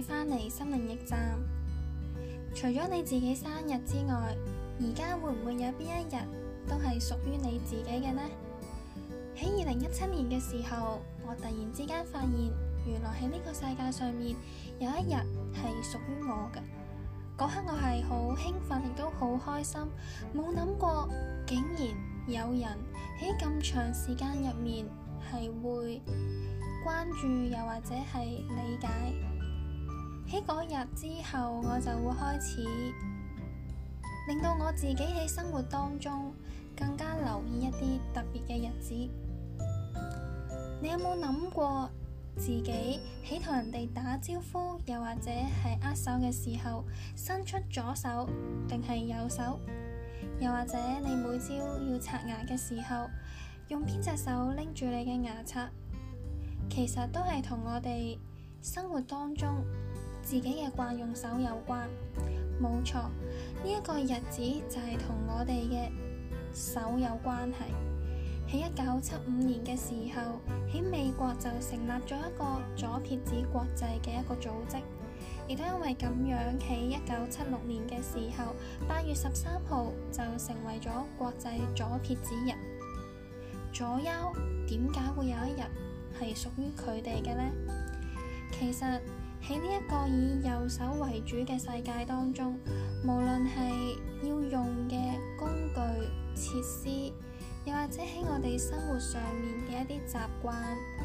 返嚟心靈驛站，除咗你自己生日之外，而家會唔會有邊一日都係屬於你自己嘅呢？喺二零一七年嘅時候，我突然之間發現，原來喺呢個世界上面有一日係屬於我嘅。嗰刻我係好興奮，亦都好開心，冇諗過竟然有人喺咁長時間入面係會關注，又或者係理解。喺嗰日之後，我就會開始令到我自己喺生活當中更加留意一啲特別嘅日子。你有冇諗過自己喺同人哋打招呼，又或者係握手嘅時候，伸出左手定係右手？又或者你每朝要刷牙嘅時候，用邊隻手拎住你嘅牙刷？其實都係同我哋生活當中。自己嘅慣用手有關，冇錯，呢一個日子就係同我哋嘅手有關係。喺一九七五年嘅時候，喺美國就成立咗一個左撇子國際嘅一個組織，亦都因為咁樣，喺一九七六年嘅時候，八月十三號就成為咗國際左撇子日。左優點解會有一日係屬於佢哋嘅呢？其實。喺呢一個以右手為主嘅世界當中，無論係要用嘅工具、設施，又或者喺我哋生活上面嘅一啲習慣、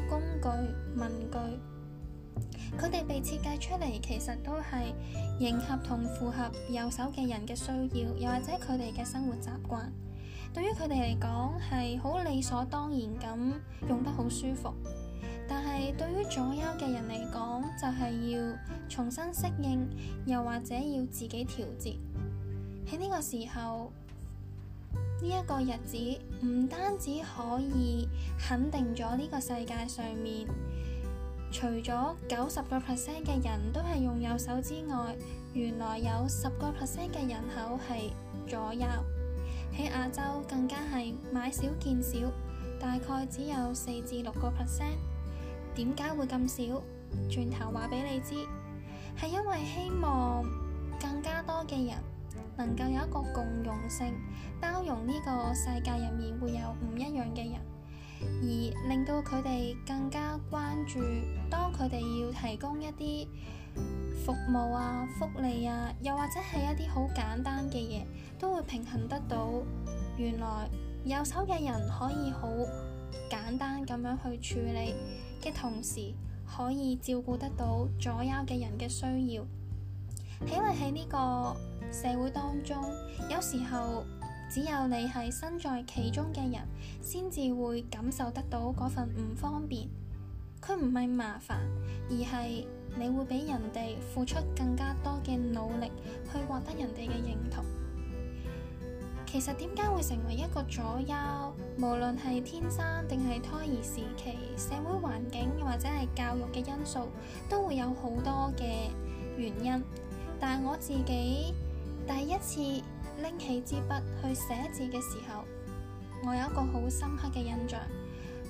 工具、文具，佢哋被設計出嚟，其實都係迎合同符合右手嘅人嘅需要，又或者佢哋嘅生活習慣，對於佢哋嚟講係好理所當然噉用得好舒服。係對於左右嘅人嚟講，就係要重新適應，又或者要自己調節。喺呢個時候，呢一個日子唔單止可以肯定咗呢個世界上面，除咗九十個 percent 嘅人都係用右手之外，原來有十個 percent 嘅人口係左右。喺亞洲更加係買少見少，大概只有四至六個 percent。點解會咁少？轉頭話俾你知，係因為希望更加多嘅人能夠有一個共融性，包容呢個世界入面會有唔一樣嘅人，而令到佢哋更加關注。當佢哋要提供一啲服務啊、福利啊，又或者係一啲好簡單嘅嘢，都會平衡得到。原來右手嘅人可以好簡。咁樣去處理嘅同時，可以照顧得到左右嘅人嘅需要。因為喺呢個社會當中，有時候只有你係身在其中嘅人，先至會感受得到嗰份唔方便。佢唔係麻煩，而係你會俾人哋付出更加多嘅努力去獲得人哋嘅認同。其實點解會成為一個左右，無論係天生定係胎兒時期、社會環境或者係教育嘅因素，都會有好多嘅原因。但係我自己第一次拎起支筆去寫字嘅時候，我有一個好深刻嘅印象。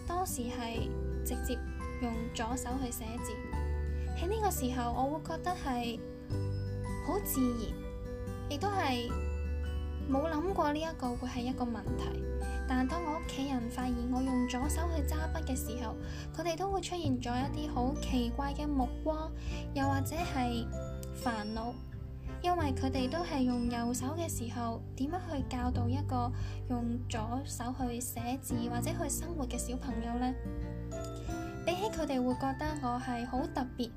當時係直接用左手去寫字，喺呢個時候我會覺得係好自然，亦都係。冇諗過呢一個會係一個問題，但係當我屋企人發現我用左手去揸筆嘅時候，佢哋都會出現咗一啲好奇怪嘅目光，又或者係煩惱，因為佢哋都係用右手嘅時候，點樣去教導一個用左手去寫字或者去生活嘅小朋友呢？比起佢哋會覺得我係好特別，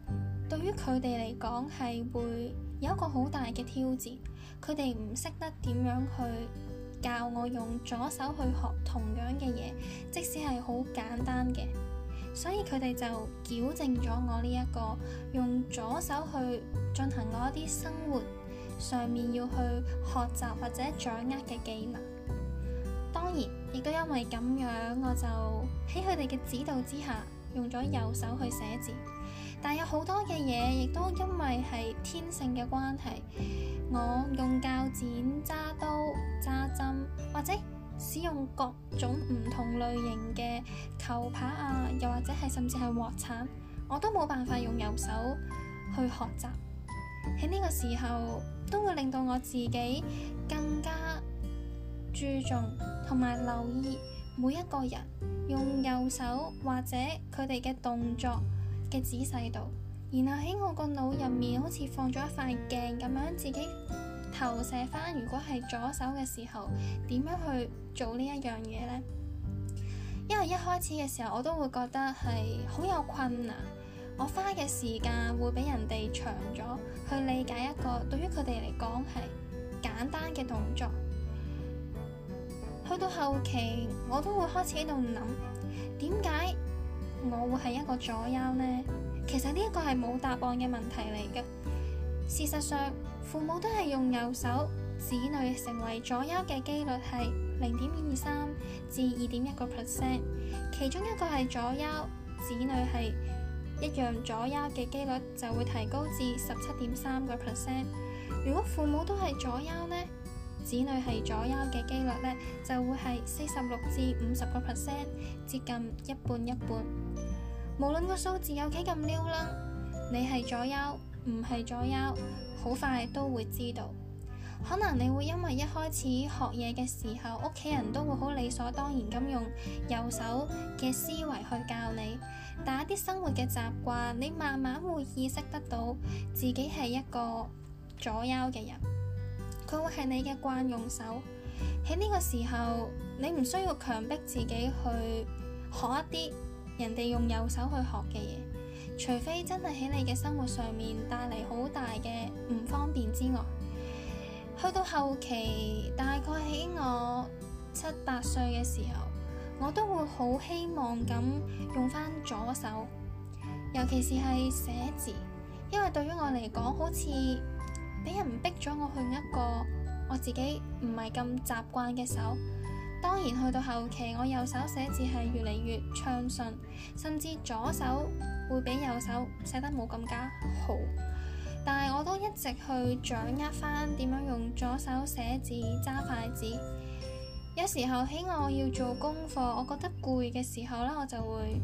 對於佢哋嚟講係會。有一個好大嘅挑戰，佢哋唔識得點樣去教我用左手去學同樣嘅嘢，即使係好簡單嘅，所以佢哋就矯正咗我呢一個用左手去進行我一啲生活上面要去學習或者掌握嘅技能。當然，亦都因為咁樣，我就喺佢哋嘅指導之下，用咗右手去寫字。但有好多嘅嘢，亦都因為係天性嘅關係，我用鉸剪、揸刀、揸針，或者使用各種唔同類型嘅球拍啊，又或者係甚至係鑊鏟，我都冇辦法用右手去學習，喺呢個時候，都會令到我自己更加注重同埋留意每一個人用右手或者佢哋嘅動作。嘅仔細度，然後喺我個腦入面好似放咗一塊鏡咁樣，自己投射返。如果係左手嘅時候，點樣去做呢一樣嘢呢？因為一開始嘅時候，我都會覺得係好有困難，我花嘅時間會比人哋長咗去理解一個對於佢哋嚟講係簡單嘅動作。去到後期，我都會開始喺度諗點解。我會係一個左右呢？其實呢一個係冇答案嘅問題嚟嘅。事實上，父母都係用右手，子女成為左右嘅幾率係零點二三至二點一個 percent。其中一個係左右，子女係一樣左右嘅幾率就會提高至十七點三個 percent。如果父母都係左右呢？子女係左右嘅機率呢，就會係四十六至五十個 percent，接近一半一半。無論個數字有幾咁溜楞，你係左右，唔係左右，好快都會知道。可能你會因為一開始學嘢嘅時候，屋企人都會好理所當然咁用右手嘅思維去教你，但一啲生活嘅習慣，你慢慢會意識得到自己係一個左右嘅人。佢會係你嘅慣用手。喺呢個時候，你唔需要強迫自己去學一啲人哋用右手去學嘅嘢，除非真係喺你嘅生活上面帶嚟好大嘅唔方便之外。去到後期，大概喺我七八歲嘅時候，我都會好希望咁用返左手，尤其是係寫字，因為對於我嚟講，好似，俾人逼咗我去一個我自己唔係咁習慣嘅手。當然去到後期，我右手寫字係越嚟越暢順，甚至左手會比右手寫得冇咁加好，但係我都一直去掌握返點樣用左手寫字、揸筷子，有時候喺我要做功課，我覺得攰嘅時候呢，我就會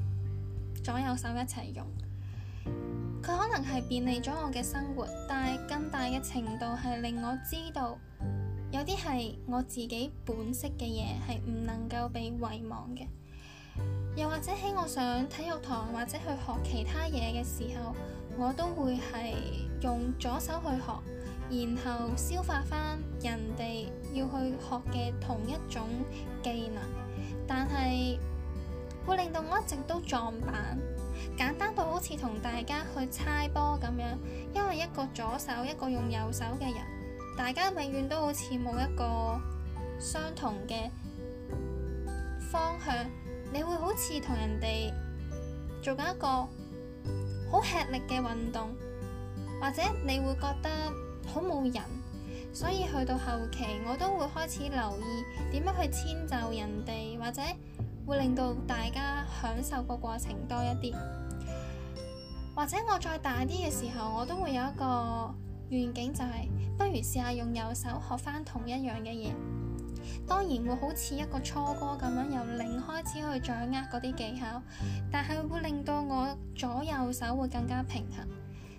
左右手一齊用。佢可能係便利咗我嘅生活，但係更大嘅程度係令我知道有啲係我自己本色嘅嘢係唔能夠被遺忘嘅。又或者喺我上體育堂或者去學其他嘢嘅時候，我都會係用左手去學，然後消化返人哋要去學嘅同一種技能，但係會令到我一直都撞板。簡單到好似同大家去猜波咁樣，因為一個左手一個用右手嘅人，大家永遠都好似冇一個相同嘅方向，你會好似同人哋做緊一個好吃力嘅運動，或者你會覺得好冇癮，所以去到後期我都會開始留意點樣去遷就人哋或者。會令到大家享受個過程多一啲，或者我再大啲嘅時候，我都會有一個願景，就係不如試下用右手學翻同一樣嘅嘢。當然會好似一個初哥咁樣，由零開始去掌握嗰啲技巧，但係會令到我左右手會更加平衡，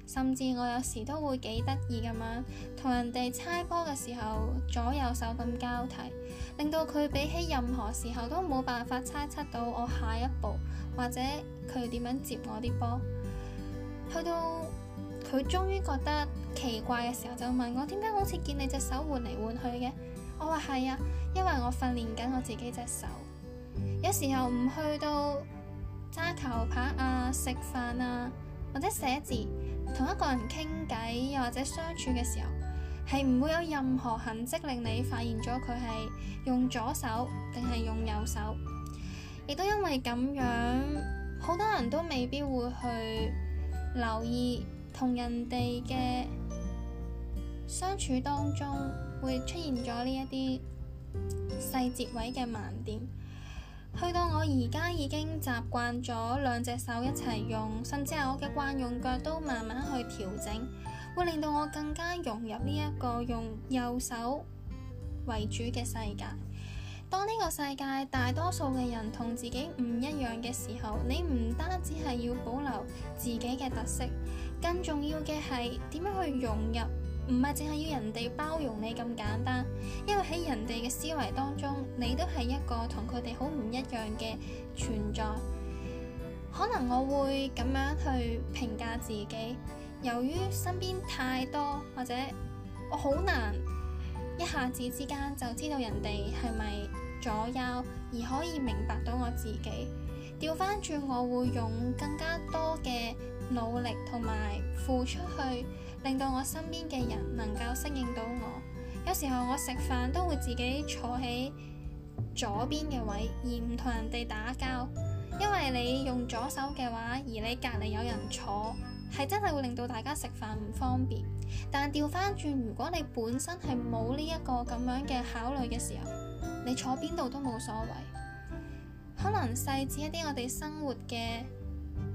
甚至我有時都會幾得意咁樣同人哋猜波嘅時候，左右手咁交替。令到佢比起任何時候都冇辦法猜測到我下一步，或者佢點樣接我啲波。去到佢終於覺得奇怪嘅時候，就問我：點解好似見你隻手換嚟換去嘅？我話係啊，因為我訓練緊我自己隻手。有時候唔去到揸球拍啊、食飯啊，或者寫字，同一個人傾偈，又或者相處嘅時候。係唔會有任何痕跡令你發現咗佢係用左手定係用右手，亦都因為咁樣，好多人都未必會去留意同人哋嘅相處當中會出現咗呢一啲細節位嘅盲點。去到我而家已經習慣咗兩隻手一齊用，甚至係我嘅慣用腳都慢慢去調整。會令到我更加融入呢一個用右手為主嘅世界。當呢個世界大多數嘅人同自己唔一樣嘅時候，你唔單止係要保留自己嘅特色，更重要嘅係點樣去融入，唔係淨係要人哋包容你咁簡單，因為喺人哋嘅思維當中，你都係一個同佢哋好唔一樣嘅存在。可能我會咁樣去評價自己。由於身邊太多，或者我好難一下子之間就知道人哋係咪左右，而可以明白到我自己。調翻轉，我會用更加多嘅努力同埋付出去，令到我身邊嘅人能夠適應到我。有時候我食飯都會自己坐喺左邊嘅位，而唔同人哋打交。因為你用左手嘅話，而你隔離有人坐，係真係會令到大家食飯唔方便。但係調翻轉，如果你本身係冇呢一個咁樣嘅考慮嘅時候，你坐邊度都冇所謂。可能細緻一啲，我哋生活嘅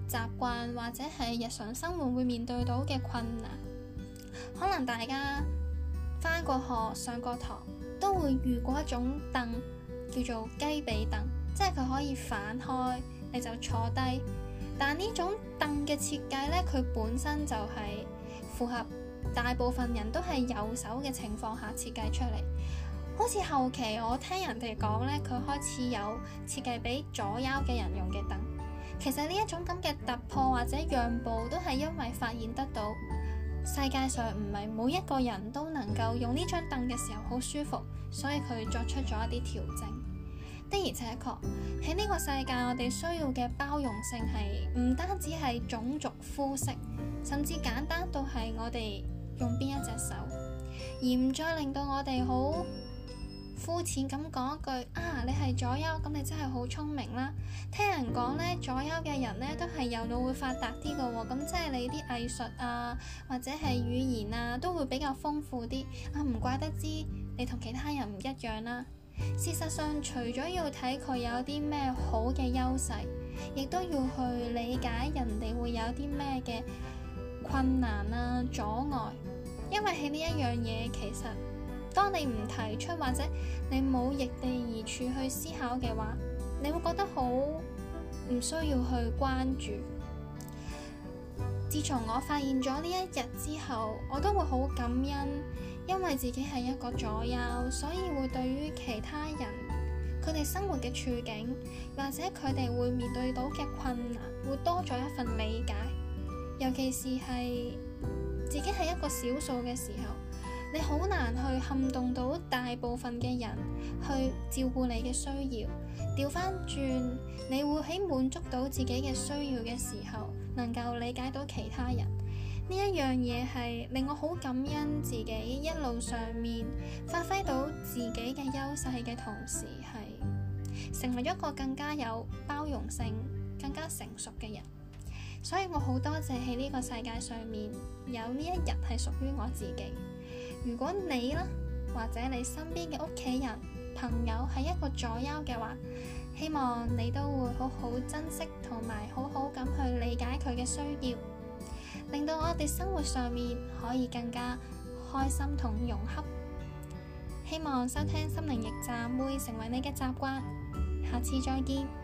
習慣或者係日常生活會面對到嘅困難，可能大家返過學上過堂都會遇過一種凳叫做雞髀凳。即係佢可以反開，你就坐低。但呢種凳嘅設計呢，佢本身就係符合大部分人都係右手嘅情況下設計出嚟。好似後期我聽人哋講呢，佢開始有設計俾左優嘅人用嘅凳。其實呢一種咁嘅突破或者讓步，都係因為發現得到世界上唔係每一個人都能夠用呢張凳嘅時候好舒服，所以佢作出咗一啲調整。的而且確喺呢個世界，我哋需要嘅包容性係唔單止係種族膚色，甚至簡單到係我哋用邊一隻手，而唔再令到我哋好膚淺咁講一句啊！你係左右咁，你真係好聰明啦。聽人講呢，左右嘅人呢都係右腦會發達啲嘅喎，咁即係你啲藝術啊，或者係語言啊，都會比較豐富啲啊。唔怪得之你同其他人唔一樣啦。事實上，除咗要睇佢有啲咩好嘅優勢，亦都要去理解人哋會有啲咩嘅困難啊、阻礙。因為喺呢一樣嘢，其實當你唔提出或者你冇易地而處去思考嘅話，你會覺得好唔需要去關注。自從我發現咗呢一日之後，我都會好感恩。因為自己係一個左右，所以會對於其他人佢哋生活嘅處境，或者佢哋會面對到嘅困難會多咗一份理解。尤其是係自己係一個少數嘅時候，你好難去撼動到大部分嘅人去照顧你嘅需要。調翻轉，你會喺滿足到自己嘅需要嘅時候，能夠理解到其他人。呢一樣嘢係令我好感恩自己一路上面發揮到自己嘅優勢嘅同時，係成為一個更加有包容性、更加成熟嘅人。所以我好多謝喺呢個世界上面有呢一日係屬於我自己。如果你啦，或者你身邊嘅屋企人、朋友係一個左右嘅話，希望你都會好好珍惜同埋好好咁去理解佢嘅需要。令到我哋生活上面可以更加開心同融洽，希望收聽心靈驛站會成為你嘅習慣，下次再見。